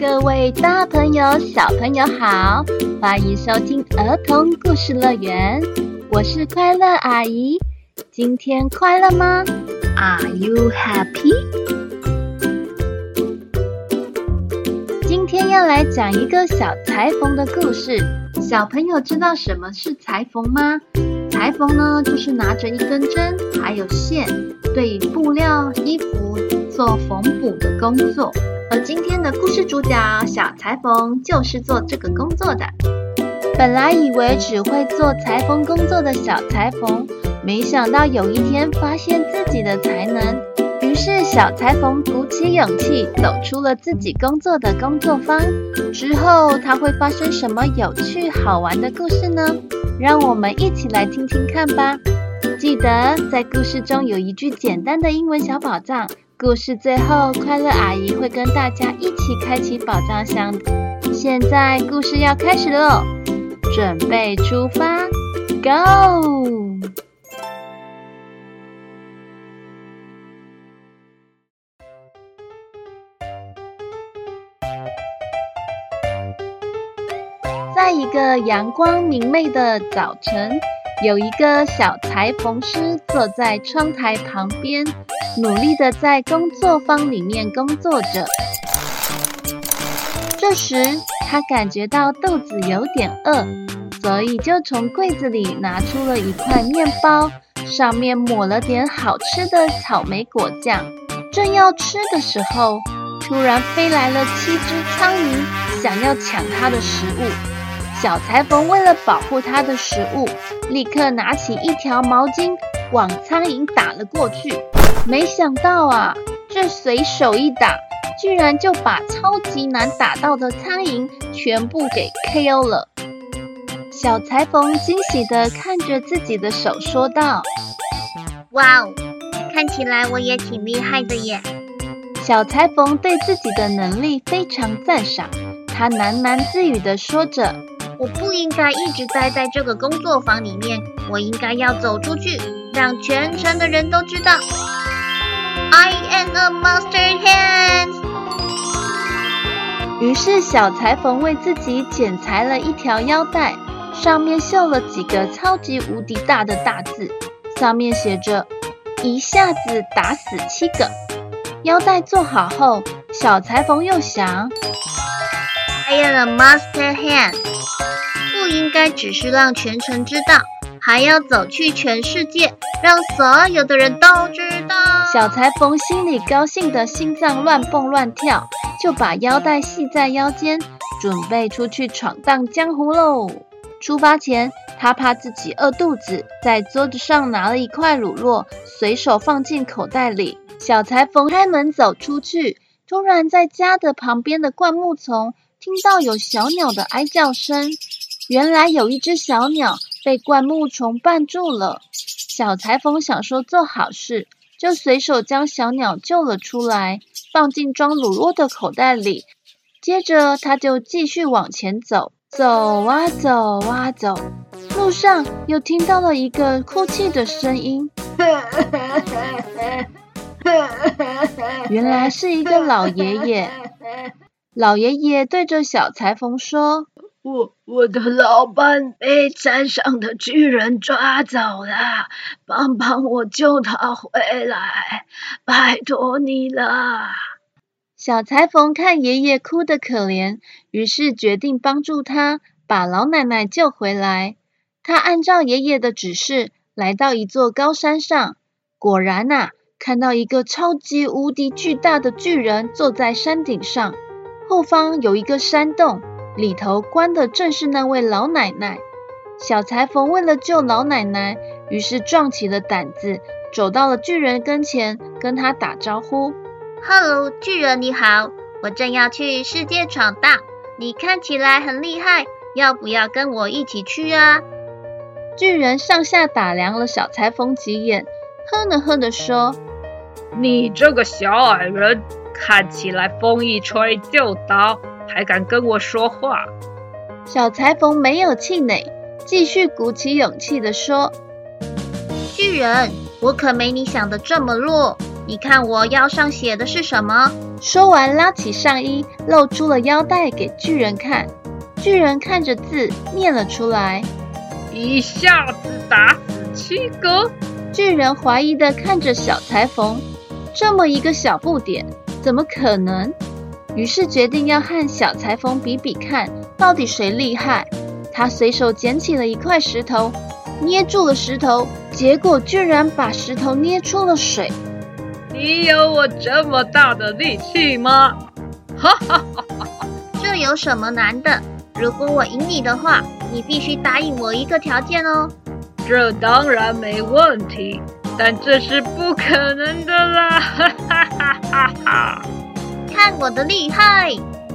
各位大朋友、小朋友好，歡迎收聽兒童故事樂園，我是快樂阿姨。今天快樂嗎？Are you happy？今天要來講一個小裁縫的故事。小朋友知道什麼是裁縫嗎？裁縫呢，就是拿着一根針還有線，對布料、衣服做縫補的工作。而今天的故事主角小裁縫就是做這個工作的。本來以為只會做裁縫工作的小裁縫，沒想到有一天發現自己的才能。於是小裁縫鼓起勇氣走出了自己工作的工作坊。之後他會發生什麼有趣好玩的故事呢？讓我們一起來聽聽看吧。記得在故事中有一句簡單的英文小寶藏。故事最後，快樂阿姨會跟大家一起開啟寶藏箱。現在故事要開始嘍，準備出發，Go！在一個陽光明媚的早晨，有一個小裁縫師坐在窗台旁邊。努力地在工作坊裡面工作着。這時，他感覺到肚子有點餓，所以就從櫃子裡拿出了一塊麵包，上面抹了點好吃的草莓果醬。正要吃的時候，突然飛來了七隻蒼蠅，想要搶他的食物。小裁縫為了保護他的食物，立刻拿起一條毛巾，往蒼蠅打了過去。沒想到啊，這隨手一打，居然就把超級難打到的蒼蠅全部給 KO 了。小裁縫驚喜地看着自己的手，說道：“哇哦，看起來我也挺厲害的耶！”小裁縫對自己的能力非常讚賞，他喃喃自語地說着：“我不應該一直待在這個工作坊裡面，我應該要走出去，讓全城的人都知道。” I am a master hand. 於是，小裁縫為自己剪裁了一條腰帶，上面繡了幾個超級無敵大的大字，上面寫着“一下子打死七個”。腰帶做好後，小裁縫又想，I am a master hand，不應該只是讓全城知道，還要走去全世界，讓所有的人都知道。”小裁縫心裡高興得心臟亂蹦亂跳，就把腰帶繫在腰間，準備出去闖蕩江湖嘍。出發前，他怕自己餓肚子，在桌子上拿了一塊乳酪，隨手放進口袋裡。小裁縫開門走出去，突然在家的旁邊的灌木叢聽到有小鳥的哀叫聲。原來有一隻小鳥被灌木叢絆，絆住了。小裁縫想說做好事。就隨手將小鳥救了出來，放進裝滷肉的口袋裡。接着，他就繼續往前走，走啊走啊走。路上又聽到了一個哭泣的聲音，原來是一個老爺爺。老爺爺對着小裁縫說。我我的老伴被山上的巨人抓走了，幫幫我救他回來，拜託你了。小裁縫看爺爺哭得可憐，於是決定幫助他把老奶奶救回來。他按照爺爺的指示來到一座高山上，果然吶、啊，看到一個超級無敵巨大的巨人坐在山頂上，後方有一個山洞。裡頭關的正是那位老奶奶。小裁縫為了救老奶奶，於是壯起了膽子，走到了巨人跟前，跟他打招呼：“Hello，巨人你好，我正要去世界闖蕩。你看起來很厲害，要不要跟我一起去啊？”巨人上下打量了小裁縫幾眼，哼了哼地說：“你這個小矮人，看起來風一吹就倒。”還敢跟我說話？小裁縫沒有氣餒，繼續鼓起勇氣地說：“巨人，我可沒你想的這麼弱。你看我腰上寫的是什麼？”說完，拉起上衣，露出了腰帶給巨人看。巨人看着字，念了出來：“一下子打死七個。”巨人懷疑地看着小裁縫，這麼一個小不點，怎麼可能？於是決定要和小裁縫比比看，到底誰厲害。他隨手撿起了一塊石頭，捏住了石頭，結果居然把石頭捏出了水。你有我這麼大的力氣嗎？哈哈哈哈哈！這有什麼難的？如果我贏你的話，你必須答應我一個條件哦。這當然沒問題，但這是不可能的啦！哈哈哈。我的厲害！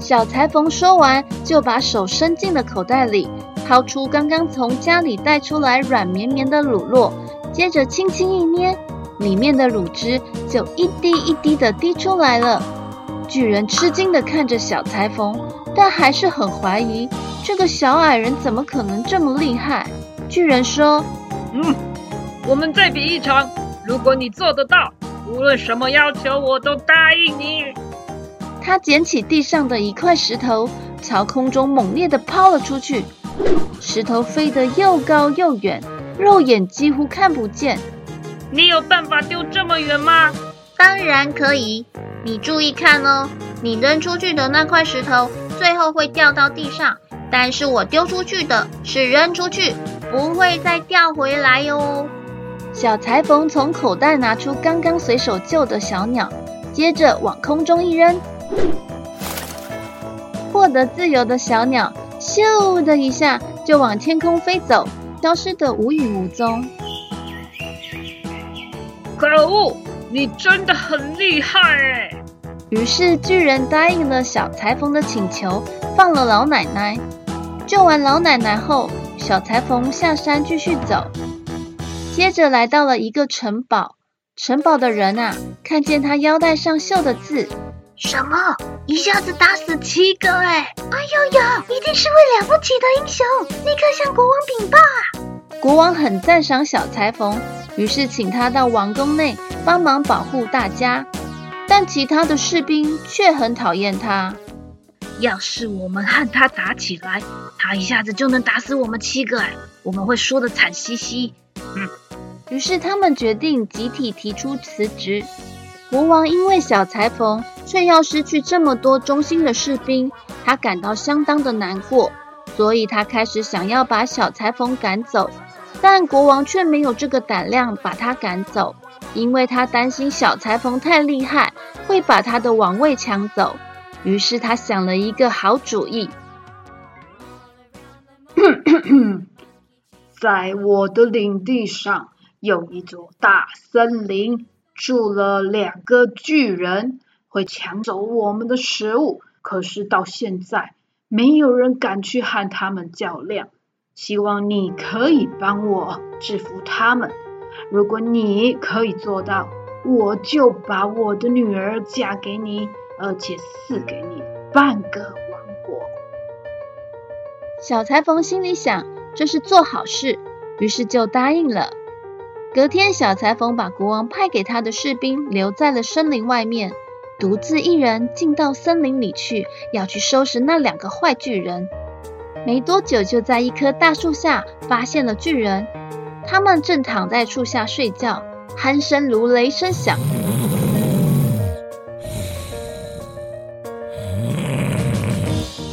小裁縫說完，就把手伸進了口袋裡，掏出剛剛從家裡帶出來軟綿綿的乳酪，接着輕輕一捏，裡面的乳汁就一滴一滴的滴出來了。巨人吃驚的看着小裁縫，但還是很懷疑這個小矮人怎麼可能這麼厲害。巨人說：“嗯，我們再比一場，如果你做得到，無論什麼要求，我都答應你。”他撿起地上的一塊石頭，朝空中猛烈地拋了出去。石頭飛得又高又遠，肉眼幾乎看不見。你有辦法丟這麼遠嗎？當然可以。你注意看哦，你扔出去的那塊石頭最後會掉到地上，但是我丟出去的是扔出去，不會再掉回來哦。小裁縫從口袋拿出剛剛隨手救的小鳥，接着往空中一扔。獲得自由的小鳥，咻的一下就往天空飛走，消失得無影無蹤。可惡，你真的很厲害誒！於是巨人答應了小裁縫的請求，放了老奶奶。救完老奶奶後，小裁縫下山繼續走，接着來到了一個城堡。城堡的人啊，看見他腰帶上繡的字。什麼？一下子打死七個？哎！哎呦呦！一定是位了不起的英雄，立刻向國王稟報啊！國王很讚賞小裁縫，於是請他到王宮內幫忙保護大家。但其他的士兵卻很討厭他。要是我們和他打起來，他一下子就能打死我們七個，哎，我們會輸得慘兮兮。嗯。於是他們決定集體提出辭職。國王因為小裁縫，卻要失去這麼多忠心的士兵，他感到相當的難過，所以他開始想要把小裁縫趕走。但國王卻沒有這個膽量把他趕走，因為他擔心小裁縫太厲害，會把他的王位搶走。於是他想了一個好主意。咳咳咳，在我的領地上，有一座大森林。住了兩個巨人，會搶走我們的食物。可是到現在，沒有人敢去和他們較量。希望你可以幫我制服他們。如果你可以做到，我就把我的女兒嫁給你，而且賜給你半個王國。小裁縫心裡想，這是做好事，於是就答應了。隔天，小裁縫把國王派給他的士兵留在了森林外面，獨自一人進到森林裡去，要去收拾那兩個壞巨人。沒多久，就在一棵大樹下發現了巨人，他們正躺在樹下睡覺，鼾聲如雷聲響。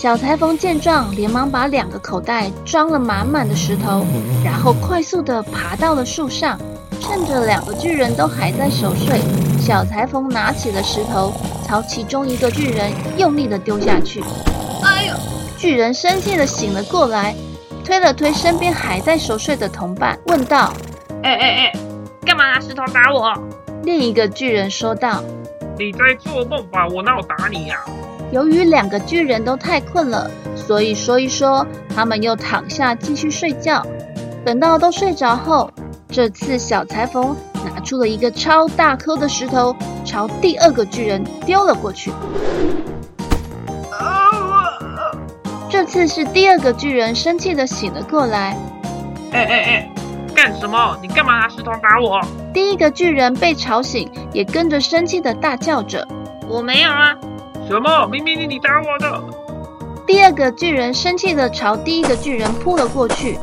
小裁縫見狀，連忙把兩個口袋裝了滿滿的石頭，然後快速的爬到了樹上。趁着兩個巨人都還在熟睡，小裁縫拿起了石頭，朝其中一個巨人用力的丟下去。哎呦！巨人生氣的醒了過來，推了推身邊還在熟睡的同伴，問道：“哎哎哎，幹嘛拿石頭打我？”另一個巨人說道：“你在做夢吧？我哪有打你呀、啊？”由於兩個巨人都太困了，所以說一說，他們又躺下繼續睡覺。等到都睡着後，這次小裁縫拿出了一個超大顆的石頭，朝第二個巨人丟了過去。啊啊、這次是第二個巨人生氣的醒了過來，哎哎哎，幹什麼？你幹嘛拿石頭打我？第一個巨人被吵醒，也跟着生氣的大叫着：“我沒有啊。”什麼？明明是你打我的！第二個巨人生氣的朝第一個巨人撲了過去，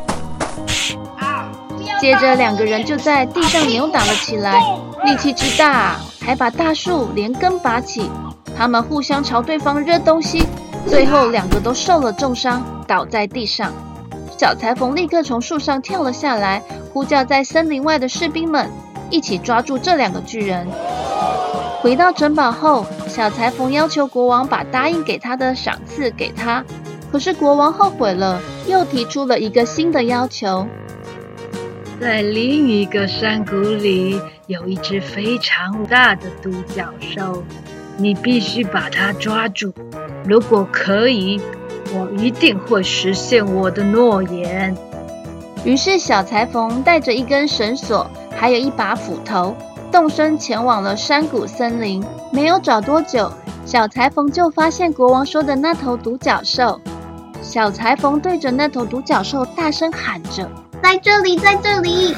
接着兩個人就在地上扭打了起來，力氣之大，還把大樹連根拔起。他們互相朝對方扔東西，最後兩個都受了重傷，倒在地上。小裁縫立刻從樹上跳了下來，呼叫在森林外的士兵們一起抓住這兩個巨人。回到城堡後。小裁縫要求國王把答應給他的賞賜給他，可是國王後悔了，又提出了一個新的要求：在另一個山谷裡有一隻非常大的獨角獸，你必須把它抓住。如果可以，我一定會實現我的諾言。於是，小裁縫帶着一根繩索，還有一把斧頭。動身前往了山谷森林，沒有找多久，小裁縫就發現國王說的那頭獨角獸。小裁縫對着那頭獨角獸大聲喊着：“在這裡，在這裡！”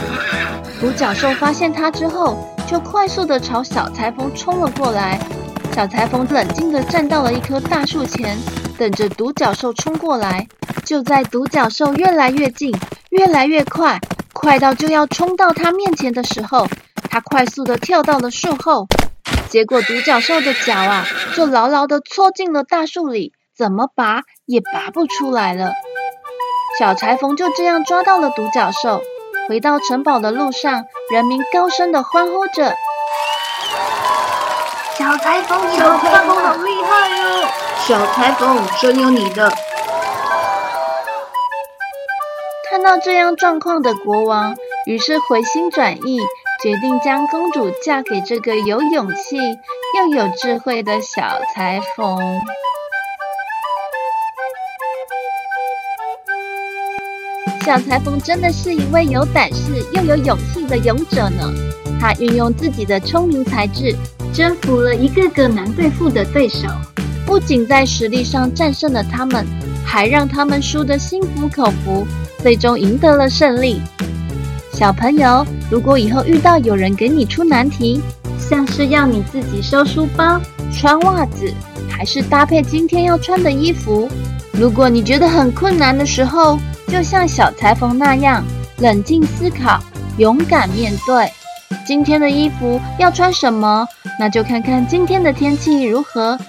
獨角獸發現他之後，就快速的朝小裁縫衝了過來。小裁縫冷靜的站到了一棵大樹前，等着獨角獸衝過來。就在獨角獸越來越近，越來越快，快到就要衝到他面前的時候。他快速地跳到了樹後，結果獨角獸的腳啊，就牢牢地戳進了大樹裡，怎麼拔也拔不出來了。小裁縫就這樣抓到了獨角獸。回到城堡的路上，人民高聲地歡呼着：“小裁縫，小裁縫好厲害喲！小裁縫，我真有你的！”看到這樣狀況的國王，於是回心轉意。決定將公主嫁給這個有勇氣又有智慧的小裁縫。小裁縫真的是一位有膽識又有勇氣的勇者呢。他運用自己的聰明才智，征服了一個個難對付的對手，不僅在實力上戰勝了他們，還讓他們輸得心服口服，最終贏得了勝利。小朋友，如果以後遇到有人給你出難題，像是要你自己收書包、穿襪子，還是搭配今天要穿的衣服，如果你覺得很困難的時候，就像小裁縫那樣，冷靜思考，勇敢面對。今天的衣服要穿什麼？那就看看今天的天氣如何，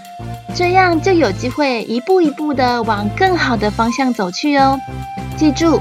這樣就有機會一步一步的往更好的方向走去哦。記住，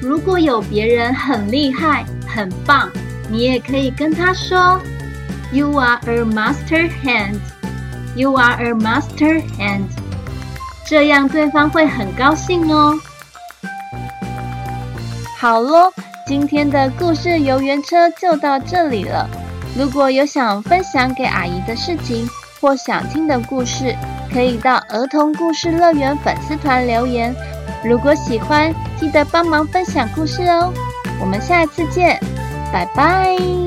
如果有別人很厲害、很棒，你也可以跟他說：“You are a master hand. You are a master hand.” 這樣對方會很高興哦。好咯，今天的故事遊園車就到這裡了。如果有想分享給阿姨的事情或想聽的故事，可以到兒童故事樂園粉絲團留言。如果喜歡，記得幫忙分享故事哦，我們下次見，拜拜。